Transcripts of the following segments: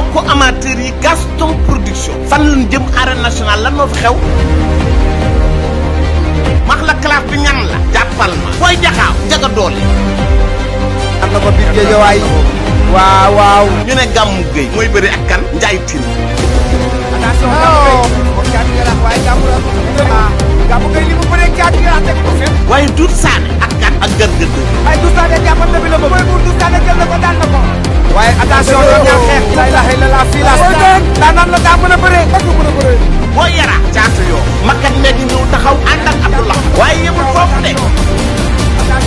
mbokk amateur yi Gaston Production fan lañ jëm arène nationale lan moo fi xew max la classe bi ñan la jàppal ma booy jaxaaw jaga na ko biir géejawaay waaw waaw ñu ne gàmmu géey mooy bëri ak kan njaay tin oh. waaye ah, duut ak kan ak gërgëd waaye duut jàppal na la ba mooy buur duut jël na ko daan na ko waaye attention ñoom ñaar xeex bi la ilaha illallah fii la daan naan la daa mën a bëree ak mën a bëree boo yara caatu yoo makat ne di ñëw taxaw ànd ak Abdullah waaye yëmul foofu de door na ko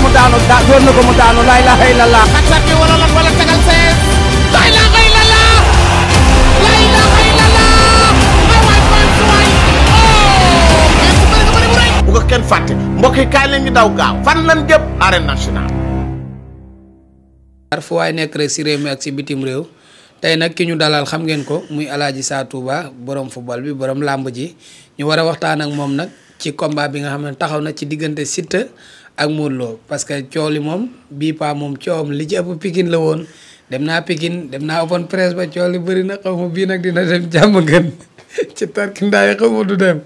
mu daanu door na ko mu daanu laa ilaaha illallah ngeen fàtte mbokk yi kaay leen ñu daw gaaw fan lan jëm arène nationale. fu waay nekk rek si réew mi ak si bitim réew tey nag ki ñu dalal xam ngeen ko muy Alaaji Sa Touba borom football bi borom làmb ji ñu war a waxtaan ak moom nag ci combat bi nga xam ne taxaw na ci diggante Siteu ak Modou Lo parce que coow li moom bii paa moom coowam li ci ëpp Pikine la woon dem naa Pikine dem naa open presse ba coow li bëri na xaw ma bii nag dina dem jàmm gën. ci tarkindaay xamu du dem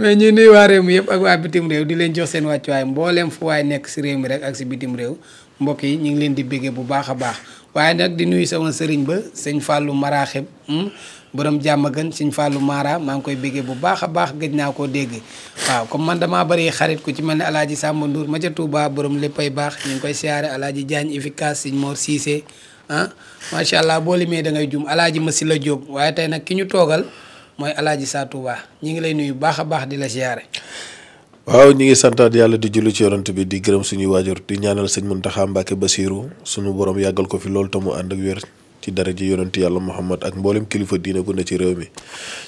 mais ñu nuy waa réew mi ak waa bitim réew di leen jox seen wàccuwaay mboolem fu waay nekk si réew mi rek ak si bitim réew mbokk yi ñu ngi leen di béggee bu baax a baax waaye nag di nuyu sama sëriñ ba sëñ Fallou Maraaxib hmm, borom jàmm gën sëñ Fallou Mara maa ngi koy béggee bu baax a baax gëj naa koo dégg waaw comme man damaa bari xarit ku ci mel ne alaaji Samba Ndour ma ca Touba borom léppay baax ñu ngi koy siyaare alaaji Diagne efficace sëñ Mor Cissé ah macha allah boo limee da ngay jum alaaji Masila Diop waaye tey nag ki ñu toogal mooy alaaji Saa Touba ñi ngi lay nuyu baax a baax di la siyaare waaw ñi ngi santaat yàlla di julli ci yonent bi di gërëm suñuy waajur di ñaanal sëñ Muntaxa Mbàkke Basiiru suñu borom yàggal ko fi loolu te mu ànd ak wér ci dara ji yonent yàlla Muhammad ak mboolem kilifa diine gu ne ci réew mi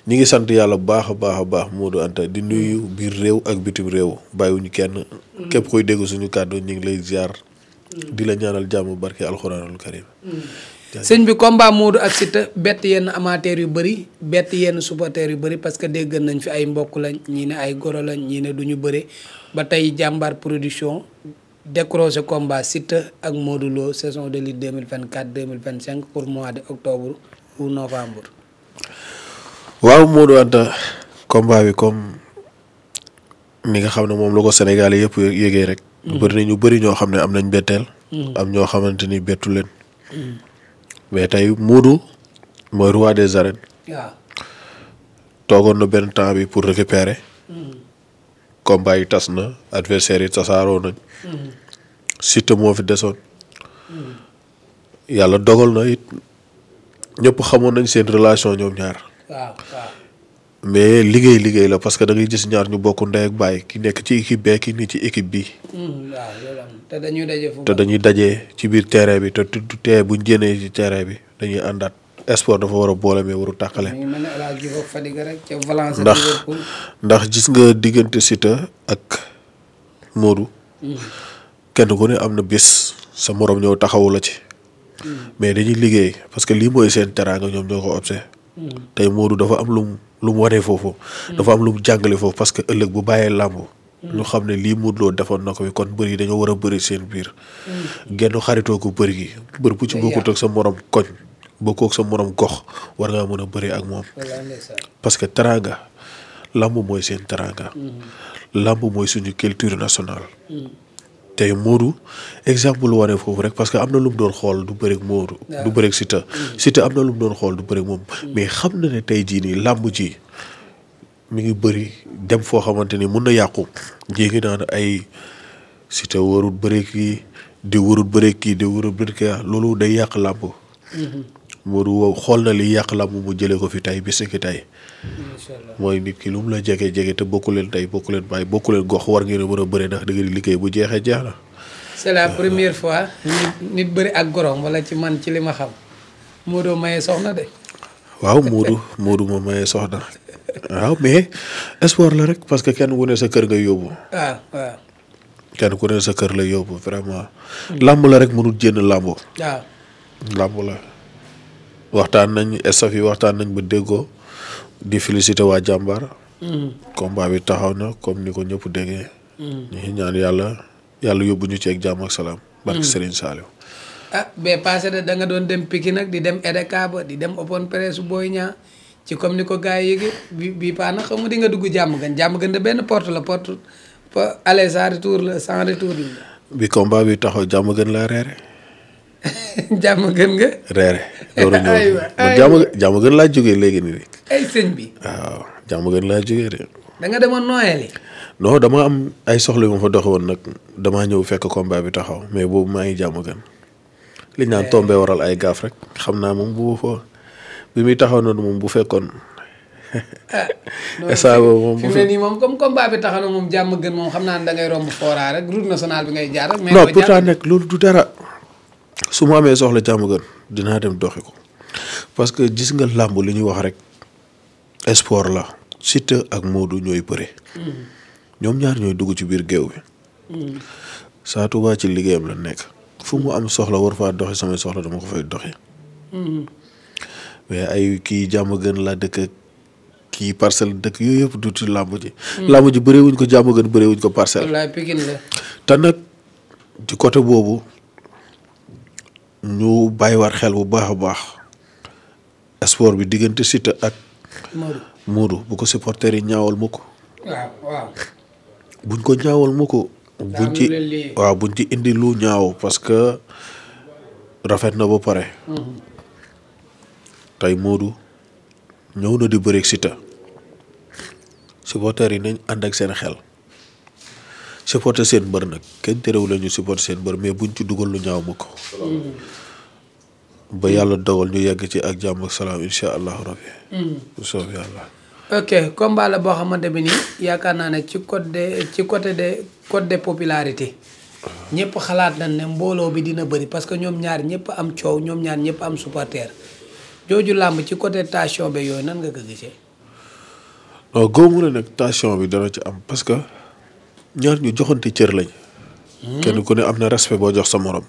ñi ngi sant yàlla baax a baax a baax Modou Anta di nuyu biir réew ak bitim réew bàyyi ñu kenn mm. képp koy dégg suñu kàddu ñu ngi lay ziar mm. di la ñaanal jàmm barke alxuraanul karim mm. sëñ bi combat Modou ak Siteu bett yenn amateurs yu bëri bett yenn supporters yu bari parce que dégg nañ fi ay mbokk lañ ñii ne ay goro lañ ñii ne du ñu bëre ba tey jàmbaar production décroché combat Siteu ak Modou Lo saison de lutte 2024 2025 pour mois de octobre ou novembre. waaw Modou Anta combat bi comme ni nga xam ne moom la ko Sénégal yëpp yëgee rek. Mm. bëri na ñu bari ñoo xam ne am nañ betteel. Mm. am ñoo xamante ni bettu leen. Mm. mais tey Modou mooy roi des arènes. waaw na benn temps bi pour récupérer. Mm. combat yi tas na adversaire yi tasaaroo nañ. Mm. Siteu moo fi desoon. Mm. yàlla dogal na it ñëpp xamoon nañ seen relation ñoom ñaar. mais liggéey liggéey la parce que da gis ñaar ñu bokk ndey ak baay ki nekk ci équipe bee ki nii ci équipe bi. te dañuy daje te dañuy daje ci biir terrain bi te tu tee buñ génnee ci terrain bi dañuy ànd àndaat sport dafa war a boole mais waru tàqale. ndax ndax gis nga diggante sita ak Modou. Mm. kenn ku ne am na bis sa moroom ñëw taxawu la ci. Mm. mais dañuy liggéey parce que lii mooy seen teraanga ñoom ñoo ko obse tey Modou dafa am lu mu lu mu wanee foofu. Mm. dafa am lu mu jàngale foofu parce que ëllëg bu bàyyee làmb. Mm. ñu xam ne lii Modou Lo defoon na ko kon bëri yi dañoo war a bëri seen biir. Mm. genn xaritoo ko bëri gi. bër bu ci bokkut ak sa morom koñ. bokkoo sa morom gox war ngaa mën a bëri ak moom. parce que teraanga làmb mooy seen teraanga. làmb mooy suñu culture nationale. tey Modou exemple lu wane foofu rek parce que am na lu mu doon xool du bëreeg Modou. du bëreeg Siteu. Mm. Siteu am na lu mu doon xool du bëreeg moom. Mm. mais xam na ne tey jii nii làmb ji mu ngi bëri dem foo xamante ni mun na yàqu. jéegi naan ay Siteu warut bëreeg kii di warut bëreeg kii di warut bëreeg kii loolu day yàq làmb. Mm-hmm. Modou Wo xool na li yàq làmb mu jëlee ko fi tey bis ki tey. mooy nit ki lu mu la jege jege te bokku leen tey bokku leen bàyyi bokku leen gox war ngeen a mën a bëre liggéey bu jeexee jeex na. c'est la première fois. nit bëri ak gorom wala ci man ci li ma xam. Modou maye soxna de. waaw Modou Modou ma maye soxna. waaw mais espoir la rek parce que kenn ku ne sa kër nga yóbbu. waaw ah, waaw. kenn ku ne sa kër la yóbbu vraiment. làmb la rek mënul jénn làmb. waaw ah. làmb la. waxtaan nañ staff yi waxtaan nañ ba déggoo di féliciter waa jàmbaar. Mm. combat bi taxaw na comme ni ko ñëpp déggee. Mm. ñu ngi ñaan yàlla yàlla yóbbu ñu ci ak jàmm ak salaam. Mm. barke Serigne Saliou. ah bee passé da nga doon dem Pikine nag di dem EDECA di dem open presse booy ñaa ci comme ni ko gars yi yëgee bi bi paa nag xamu di nga dugg jàmm gan jàmm gan de benn porte la porte aller sans retour la sans retour la. bi combat bi taxaw jàmm gën laa reere jàmm gën nga. reere loolu laa jógee léegi nii. ay sëñ bi. waaw jàmm gën laa jógee de. da nga demoon nooyali. non dama am ay soxla yu ma fa doxe woon nag damaa ñëw fekk combat bi taxaw mais boobu maa ngi jàmm li ñu naan eh. tombé waral rek xam naa moom bu fa taxaw noonu moom bu fekkoon. ah loolu moom bu fi mu ne nii comme combat bi taxaw na moom jàmm gën moom xam naa ne da romb fooraa rek route nationale bi ngay jaar rek. mais non pourtant nag loolu du dara. su ma amee soxla jàmm gën dinaa dem doxi ko parce que gis nga làmb li ñuy wax rek sport la Siteu ak Modou ñooy bëre. ñoom ñaar ñooy dugg ci biir géew bi. Sa Touba ci liggéeyam la nekk. fu mu am soxla war faa doxi samay soxla dama ko fay doxi mais ay kii jàmm gën laa dëkk kii parcelle dëkk yooyu yëpp du ci làmb ji. làmb ji bëree wuñ ko jàmm gën bëree ko parcelle. wallaay Pikine la. ci côté boobu. ñu bàyyiwaat xel bu baax a baax sport bi diggante Siteu ak. Modou bu ko supporter yi ñaawal ma ko. buñ ko ñaawal ma ko. buñ ci buñ ci indi lu ñaaw parce que rafet na ba pare. Mhm. tey Modou ñëw na di bëreeg Siteu supporter yi nañ ànd ak seen xel. supporter seen mbër nag kenn terewul la ñu supporter seen mbër mais buñ ci dugal lu ñaaw ma ko. Mm. ba yàlla dogal ñu yegg ci ak jàmm ak salaam incha allahu rabbi. Mm. ok combat la boo xamante bi nii yaakaar naa ne ci côté ci côté de côté de popularité. ñëpp xalaat nañ ne mbooloo bi dina bëri parce que ñoom ñaar ñëpp am coow ñoom ñaar ñëpp am supporter jooju làmb ci côté tension bi yooyu nan nga ko gisee. non góobu ne nag tension bi dana ci am ñaar ñu joxante cër lañ. kenn ku ne am na respect boo jox sa morom.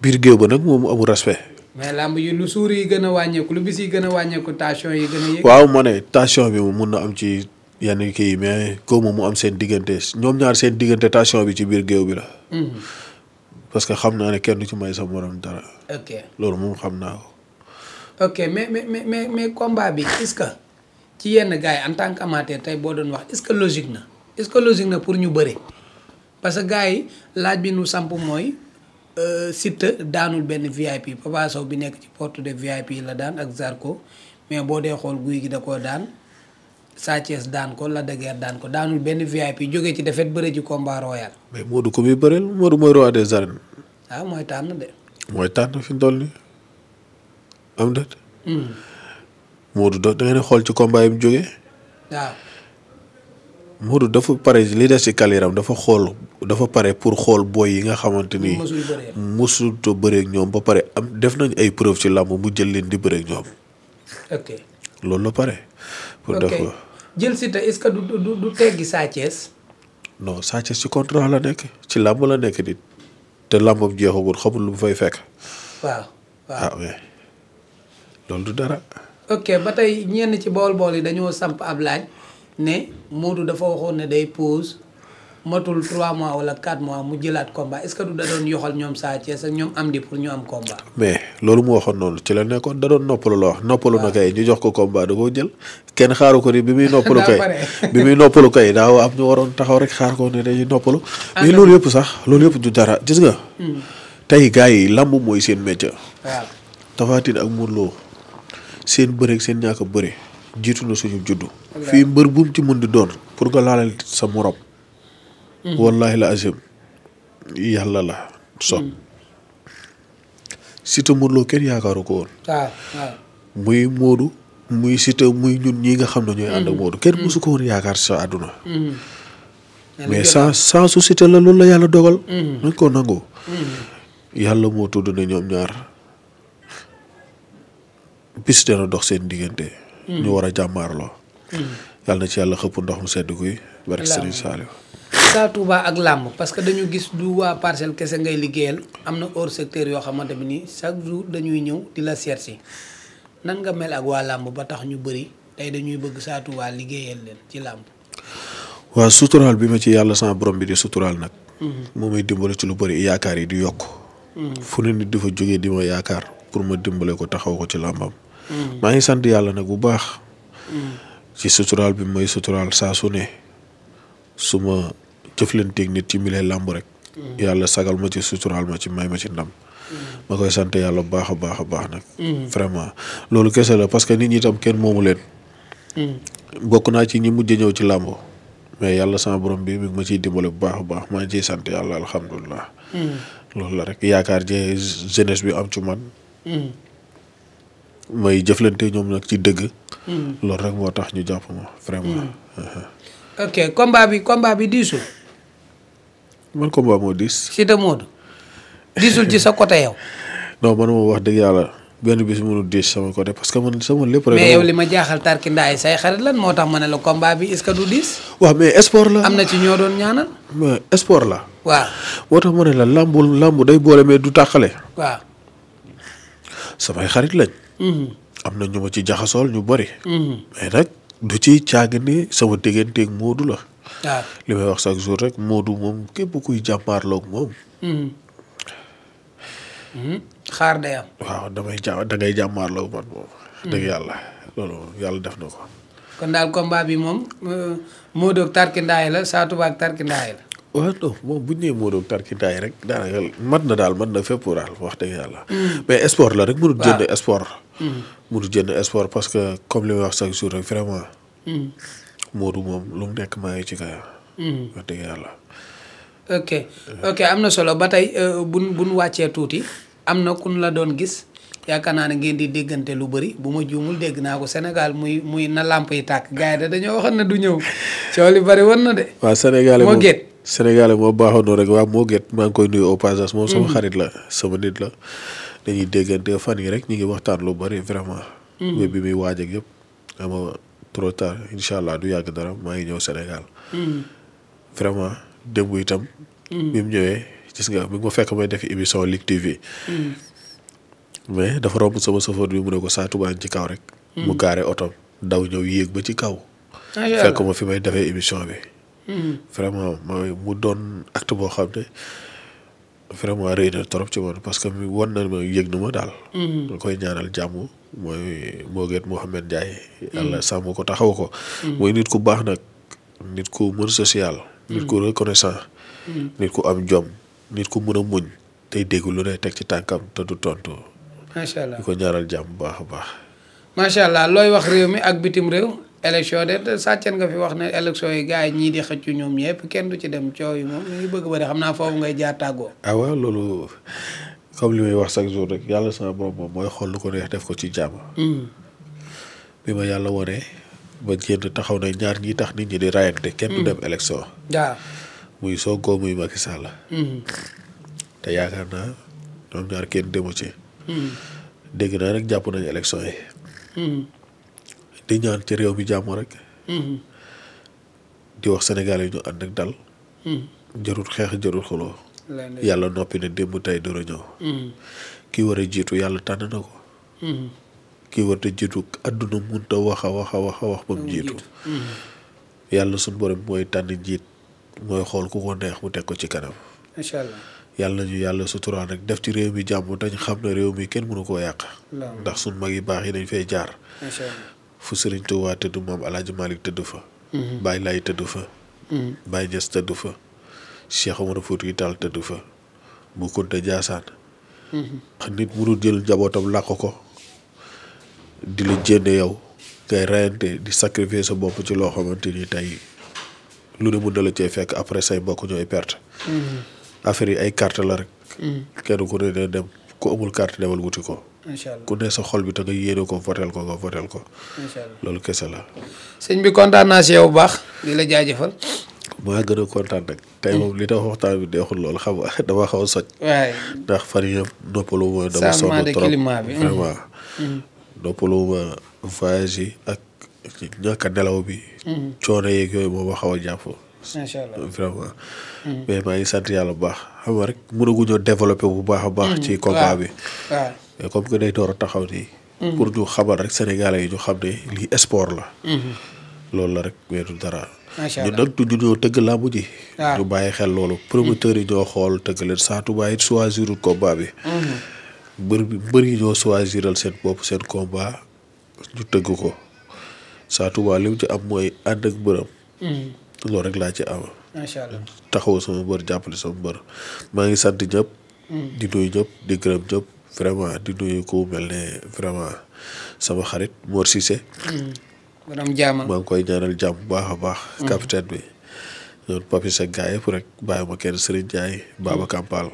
biir géew ba nag moom amul respect. mais làmb yi lu suur yi gën a wàññeeku lu bis yi gën a wàññeeku tension yi gën a yéeg. waaw ma ne tension bi moom mun na am ci yenn kii yi mais kaw mu am seen diggante ñoom ñaar seen diggante tension bi ci biir géew bi la. Mhm. parce que xam naa ne kenn du ci may sa morom dara. ok loolu moom xam naa ko. ok mais mais mais mais mais bi est-ce que ci yenn gars yi en boo doon wax est-ce na. est-ce que logique na pour ñu bëre parce que gars yi laaj bi nu samp mooy euh, Siteu daanul benn VIP Papa Sow bi nekk ci porte de VIP la daan ak Zarko mais boo dee xool guy gi da koo daan Sa daan ko Lac de daan ko daanul benn VIP jógee ci défaite bëre ci combat royal. mais Modou ko muy bëreel Modou mooy roi des arènes. ah mooy tànn de. mooy tànn fi mu toll nii am déet. Hmm. Modou da ngeen xool ci combat yi waaw. Modou dafa pare li des ci kaliram dafa xool dafa pare pour xool booy yi nga xamante ni. mosul bëree ak ñoom ba pare am def nañ ay preuve ci làmb mu jël leen di bëree ak ñoom. ok loolu la pare. pour def jël Siteu est-ce que du du du teggi Sa Thiès non Sa Thiès ci contrat la nekk ci làmb la nekk nit te làmbam jeexagul xamul lu mu fay fekk. waaw waaw ah loolu dara. ok ba tey ñenn ci bool-bool yi dañoo samp ab laaj. ne Modou dafa waxoon ne day pause matul 3 mois wala 4 mois mu jëlaat combat est-ce que du da doon yoxal ñoom Sa Thiès ak ñoom Amdi pour ñu am combat. mais loolu mu waxoon noonu ci la nekkoon da doon noppalu la wax. noppalu na kay ñu jox ko combat da koo jël. kenn xaaru ko ni bi muy noppalu kay bi muy noppalu kay daaw am ñu waroon taxaw rek xaar koo ne dañuy noppalu. Ah, mais loolu yëpp sax loolu yëpp du dara gis nga. Hmm. tey gars yi lamb mooy seen métier. waaw Tapha Tine ak Modou Lo seen bëre ak seen jiitu na suñu juddu. fii mbër bu ci mën di doon pour nga laalal sa morom. Mm-hmm. wallaahi la azim yàlla la so mm-hmm. Siteu Modou Lo kenn yaakaaru ko woon. Ah, ah. muy Modou muy Siteu muy ñun ñi nga xam ne ñooy ànd ak mm-hmm. kenn mosu ko woon yaakaar sa àdduna. mais sans sans su Siteu la loolu la yàlla dogal. nañ ko nangoo. yàlla moo tudd ne ñoom ñaar bis dana dox seen diggante. Mm. ñu war a jàmmaarloo. Mm. yàlla na ci yàlla xëpp ndox mu sedd guy. barke Serigne Saliou. Sa Touba ak làmb parce que dañu gis du waa parcelle kese ngay liggéeyal am na hors secteur yoo xamante bi nii chaque jour dañuy ñëw di la seet si nan nga mel ak waa làmb ba tax ñu bëri tey dañuy bëgg Sa Touba liggéeyal leen ci làmb. waa suturaal bi ma ci yàlla sama borom bi di suturaal nag. Mm-hmm. moo may dimbale ci lu bëri yaakaar yi di yokk. Mm-hmm. fu ne nit dafa jógee di ma yaakaar pour ma dimbale ko taxaw ko ci làmbam. Mm. maa ngi sant yàlla nag bu baax. Mm. ci suturaal bi may suturaal saa su ne su ma jëflanteeg nit ci mile làmb rek. Mm. yàlla sagal ma ci suturaal ma ci may ma ci ndam. ma koy sant yàlla bu baax a baax a baax nag. vraiment loolu kese la parce que nit ñi tam kenn moomu leen. bokk naa ci ñi mujj ñëw ci làmb. mais yàlla sama borom bi mu ngi ma ciy dimbale bu baax a baax maa ngi ciy sant yàlla alhamdulilah. loolu la rek yaakaar jee jeunesse bi am ci man. may jëflante ñoom nag ci dëgg. Hmm. loolu rek moo tax ñu jàpp ma vraiment. Hmm. Uh-huh. ok combat bi combat bi diisul. man combat moo diis. Siteu Modou diisul ci sa côté yow. non man moom wax dëgg yàlla benn bis mënul diis sama côté parce que man sama lépp rek. mais yow li ma jaaxal tarkindaa yi say xarit lan moo tax ma ne la combat bi est-ce que du diis. waaw mais sport la. am na ci ñoo doon ñaanal. mais sport la. waaw moo tax ma ne la làmbu làmbu day boole mais du tàqale. waaw. xarit lañ. am na ñu ma ci jaxasool ñu bëri. Mm-hmm. mais nag du ci caag ni sama digganteeg Moodu la. Ah. li may wax chaque jour rek Moodu moom képp kuy jàmmaarloog moom. Mm-hmm. Mm-hmm. xaar day am. waaw damay ja da ngay moom. dëgg yàlla loolu yàlla def na ko. kon daal moom euh, Moodu ak Tarkindaay la Sa Touba ak Tarkindaay la. waaw non moom bu ñu nee Modou tarkintaay rek daanaka mat na daal mat na fépp daal wax dëgg yàlla. mais sport la rek mënut jënd sport. du jënd sport parce que comme li wax chaque jour rek vraiment. Hmm. Modou moom lu mu nekk maa ngi ci kaya. Hmm. wax dëgg ok ok am na solo ba tey bu euh, buñ wàccee tuuti am na ku nu la doon gis yaakaar naa ne ngeen di déggante lu bari bu ma juumul dégg naa ko senegal muy muy na làmp yi tàkk gars yi da dañoo waxoon ne du ñëw coow li bëri woon na de. waaw Sénégal moo géet Sénégal moo baaxoon rek waaw moo géet maa ngi koy nuyu au passage moom sama hmm. xarit la sama nit la. dañuy déggante fan yi rek ñu ngi waxtaan lu bari vraiment. web mm. bi muy waaj yëpp ama trop tard incha allah du yàgg dara maa ngi ñëw Sénégal. Mm. vraiment démb itam. Mm. bi mu ñëwee gis nga bi nga fekk may def émission Ligue mais dafa romb sama chauffeur bi mu ne ci kaw rek. mu gaare oto daw ñëw yéeg ba ci kaw. Ah, fekk fi may defee émission bi. vraiment mu doon acte boo xam ne. vraiment rëy na trop ci man parce que won na ma yëg na ma daal. Mhm. ma koy ñaanal jàmm mooy Moguette Mouhamed Ndiaye. Mhm. yàlla sàmm ko taxaw ko. Mhm. mooy nit ku baax nag nit ku mën social. nit ku reconnaissant. nit ku am jom nit ku mën a muñ tey dégg lu ne teg ci tànkam te du tontu. macha allah ko ñaanal jàmm bu baax a baax. macha allah looy wax réew mi ak bitim réew. élection de sàccan nga fi wax ne élection yi gars yi ñii di xëccu ñoom ñëpp kenn du ci dem coow yi moom ñu ngi bëgg ba de xam naa foofu ngay jaar tàggoo. ah loolu comme li may wax chaque jour rek yàlla sama borom moom mooy xool lu ko neex def ko ci jàmm. Hmm. bi ma yàlla wonee ba génn taxaw na ñaar ñi tax nit ñi di rayante. kenn du hmm. dem élection. waaw muy Sonko muy Macky Sall. Hmm. te yaakaar naa ñoom ñaar kenn demu ci. dégg naa rek jàpp nañu élection yi. di ñaan ci réew mi jàmm rek. Mm-hmm. di wax Sénégal yi ñu ànd ak dal. Mm-hmm. jarul xeex jarul xuloo yàlla noppi na démb tey dara ñëw. Mm-hmm. war a jiitu yàlla tànn na ko. ki war a jiitu àdduna mënut a wax a wax a wax a jiitu. yàlla sunu borom mooy tànn jiit mooy xool ku ko neex mu teg ko ci kanam. macha allah yàlla ñu yàlla suturaan ak def ci réew mi jàmm dañ xam ne réew mi kenn mënu koo yàq. ndax sunu mag yi baax yi dañ fay jaar. fu sëriñ Tuubaa tëdd moom alaaji Maalik tëdd fa mhm. Baay Laay tëdd fa mhm. Baay Ñas tëdd fa Cheikh Omar Foutiyou Tall tëdd fa bu Kunta Jaasaan mhm. nit mënul jël njabootam làq ko di la jénne yow ngay reyante di sacrifier sa bopp ci loo xamante ni lu ne mun na la cee fekk après say bokk ñooy perte affaire yi ay carte la rek kenn ku ne dem ku amul carte demal wuti ko incha ku ne sa xol bi te nga yéene ko votel ko nga votel ko. loolu kese la. sëñ bi kontaan naa si yow bu baax di la jaajëfal. maa gën a kontaan nag. tey moom li tax waxtaan bi neexul lool xam nga dama xaw a soj. waay ma dama sonn mm-hmm. Mm-hmm. yi ak ñàkk a nelaw bi. Mm-hmm. coono yooyu moom xaw a jàpp. vraiment. mais maa ngi sant yàlla bu baax xam nga rek mënaguñoo développé bu baax a baax. ci combat bi mais comme que day door a taxaw nii. Mm-hmm. pour ñu xamal rek sénégalais yi ñu xam ne lii sport la. Mm-hmm. loolu la rek mais dara. macha nag du ñoo tëgg làmb ji. Ah. ñu bàyyi xel loolu. Mm-hmm. promoteurs yi ñoo xool tëgg leen saa tubaab it choisirul combat bi. mbër mbër yi ñoo choisiral seen bopp seen combat ñu tëgg ko saa tubaab li ci am mooy ànd ak mbëram. loolu rek laa ci am. macha taxaw sama mbër jàppale sama mbër maa ngi sant ñëpp. di ñëpp di gërëm ñëpp. vraiment di nuyu ku mel ne vraiment sama xarit Mor Cissé. maanaam jaama maa koy ñaanal jàmm bu baax a baax. Mm. capitaine bi ñoom Papi Seck gaa yëpp rek bàyyi ma kenn Serigne Ndiaye mm. Baba Kampal.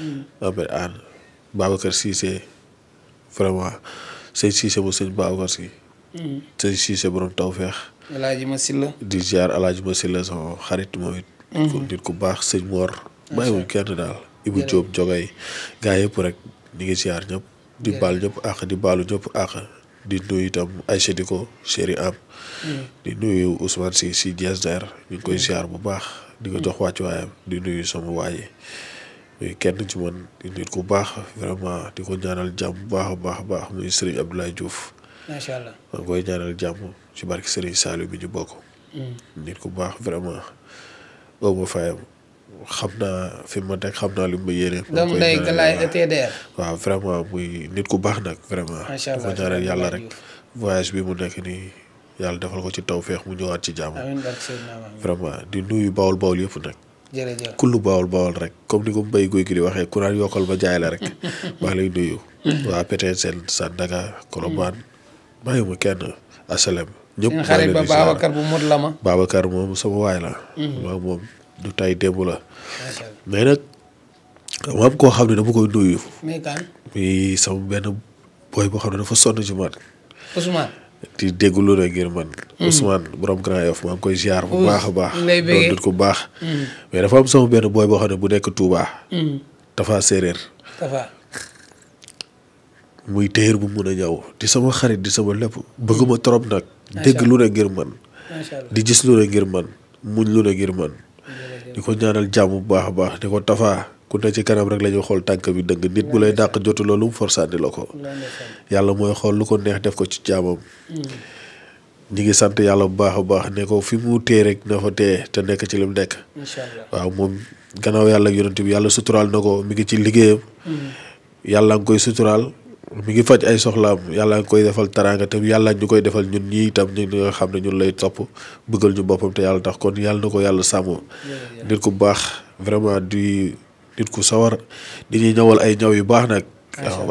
Mm. Ahmed Anne Babacar Cissé vraiment sëñ Cissé mu sëñ Babacar si. sëñ Cissé borom tawféex. di ziar El Hadj Masila sama xarit moom it. nit ku baax sëñ Mor. bàyyiwuñ kenn daal. Ibu Diop Jogay gaa yëpp rek. ñu ngi siyaar di baal ñëpp àq di baalu ñëpp àq di nuyu itam Aïcha Diko mm. di nuyu Ousmane si si Dias Der koy siyaar mm. bu baax di ko jox mm. wàccuwaayam di nuyu sama waay yi muy ci man di ku baax vraiment di ko ñaanal jàmm bu baax a baax a baax muy Serigne Abdoulaye Diouf macha allah maa koy ñaanal jàmm ci barki Serigne Saliou bi ñu bokk nit ku baax vraiment ëmb xam naa fi ma teg xam naa lu mu ma waaw vraiment muy nit ku baax nag. vraiment dafa ñaanal yàlla rek. voyage bi mu nekk nii yàlla defal ko ci tawféex mu ñëwaat ci jàmm. vraiment di nuyu bawol bawol yëpp nag. jërëjëf kullu bawol bawol rek comme ni ko mbay guy gi di waxee kuraan yokkal ba jaay la rek. maa ngi lay nuyu. waa PTSL Sandaga Colobane. bàyyiwuma kenn asalem. ñëpp maa bu mot la ma. Babacar moom sama waay la. Mhm. moom. du tay démb la. mais nag ma am koo xam ne dama koy nuyu. mais muy sama benn boy boo xam ne dafa sonn ci man. di dégg lu ne ngir man. Hmm. Hmm. a baax. lay bëggee baax. Hmm. mais dafa am benn boo xam ne bu nekk Touba. Tafa séeréer. bu mun a ñëw di sama xarit di sama lépp bëgguma trop nag. dégg lu ne ngir man. di gis lu ne ngir man muñ lu ne ngir man. di ko ñaanal jàmm bu baax a baax di ko tafaa ku ne ci kanam rek la ñuy xool tànk bi dëgg nit bu lay dàq jotu loolu mu forsaani la ko yàlla mooy xool lu ko neex def ko ci jaamam ñi ngi sant yàlla bu baax a baax ne ko fi mu tee rek na fa tee te nekk ci li mu nekk waaw moom gannaaw yàlla ak bi yàlla suturaal na ko mi ngi ci liggéeyam mm. yàlla nga koy suturaal mi ngi faj ay soxlaam yàlla nga koy defal taraanga te yàlla ñu koy defal ñun ñii itam ñun ñi nga xam ne ñun lay topp bëggal ñu boppam te yàlla tax kon yàlla na ko yàlla sàmm nit ku baax vraiment di nit ku sawar di ñuy ñawal ay ñaw yu baax nag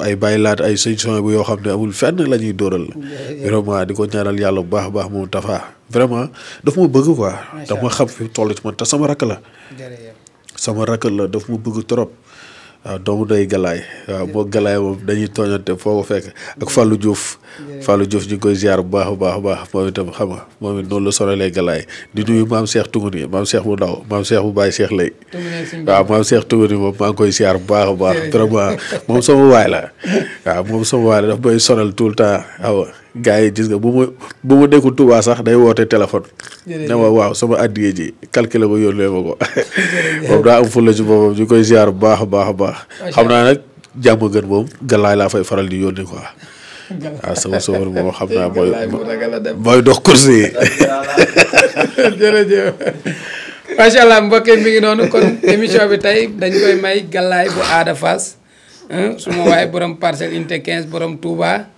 ay bàyyi laat ay sëñ yoo xam ne amul fenn la ñuy dóoral vraiment di ko ñaanal yàlla bu baax baax moom Tafa vraiment daf ma bëgg ko daf ma xam fi toll ci man te sama rakk la sama rakk la daf ma bëgg trop waaw doomu day galaay waaw boo galaay moom dañuy tooñante foo ko fekk ak Fallou Diouf Fallou Diouf ñu ngi koy ziar bu baax a baax a baax moom itam xam moom it noonu la sonalee galaay di nuyu maam Cheikh Tunguni maam Cheikh bu ndaw maam Cheikh bu Baye Cheikh lay waaw maam Cheikh Tunguni moom maa ngi koy ziar bu baax a baax vraiment moom sama waay la waaw moom sama waay la daf may sonal tout temps awa gars yi gis nga bu ma bu ma nekkul Touba sax day woote téléphone. ne ma waaw sama addiye ji calculer ko yónnee ma ko. moom daa am fulla ci boppam ñu koy ziar bu baax a baax a baax. xam naa nag jàmm gën moom galaay laa fay faral di yónnee ko waaw ah, sama soxor moom xam naa mooy mooy dox course yi. jërëjëf macha allah mbokk mi ngi noonu kon émission bi tey dañ koy may galaay bu aada Fass suma waaye borom parcelle unité 15 borom Touba.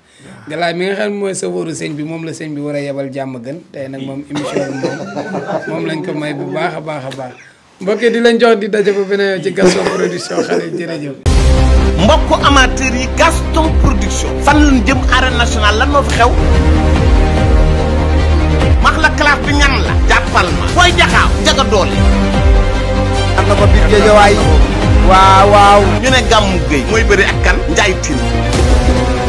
Galaay mi nga xam ne mooy sawaru sëñ bi moom la sëñ bi war a yebal jàmm gën tey nag moom émission moom lañ ko may bu baax a baax a baax mbokk di lañ jox di daje ba beneen ci Gaston Production xale jërëjëf. mbokk amateur yi jëm arène nationale lan moo fi xew. max la classe bi ñan la. jàppal ma. booy jaxaaw jaga doole. am na ko biir géejawaay. waaw waaw. ñu ne gàmmu géey mooy bëri ak kan njaay tin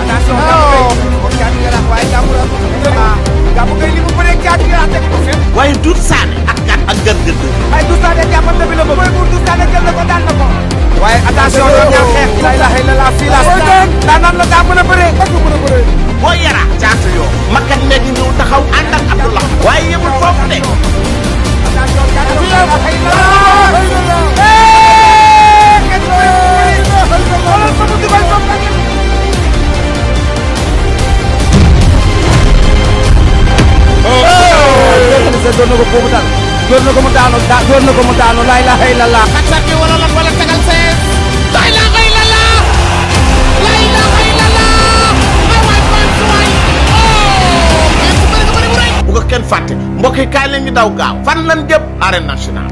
attention kon Caatu Yaraax waaye Gamou la Gamou Gueye li mu bëree Caatu Yaraax waaye Doudou Sané ak kat waaye Doudou Sané jàppante waaye attention ñoom ñaar la ilaha illallah fii la daan naan la daa mën a bëree gaaw gaaw fan lan jëm arène nationale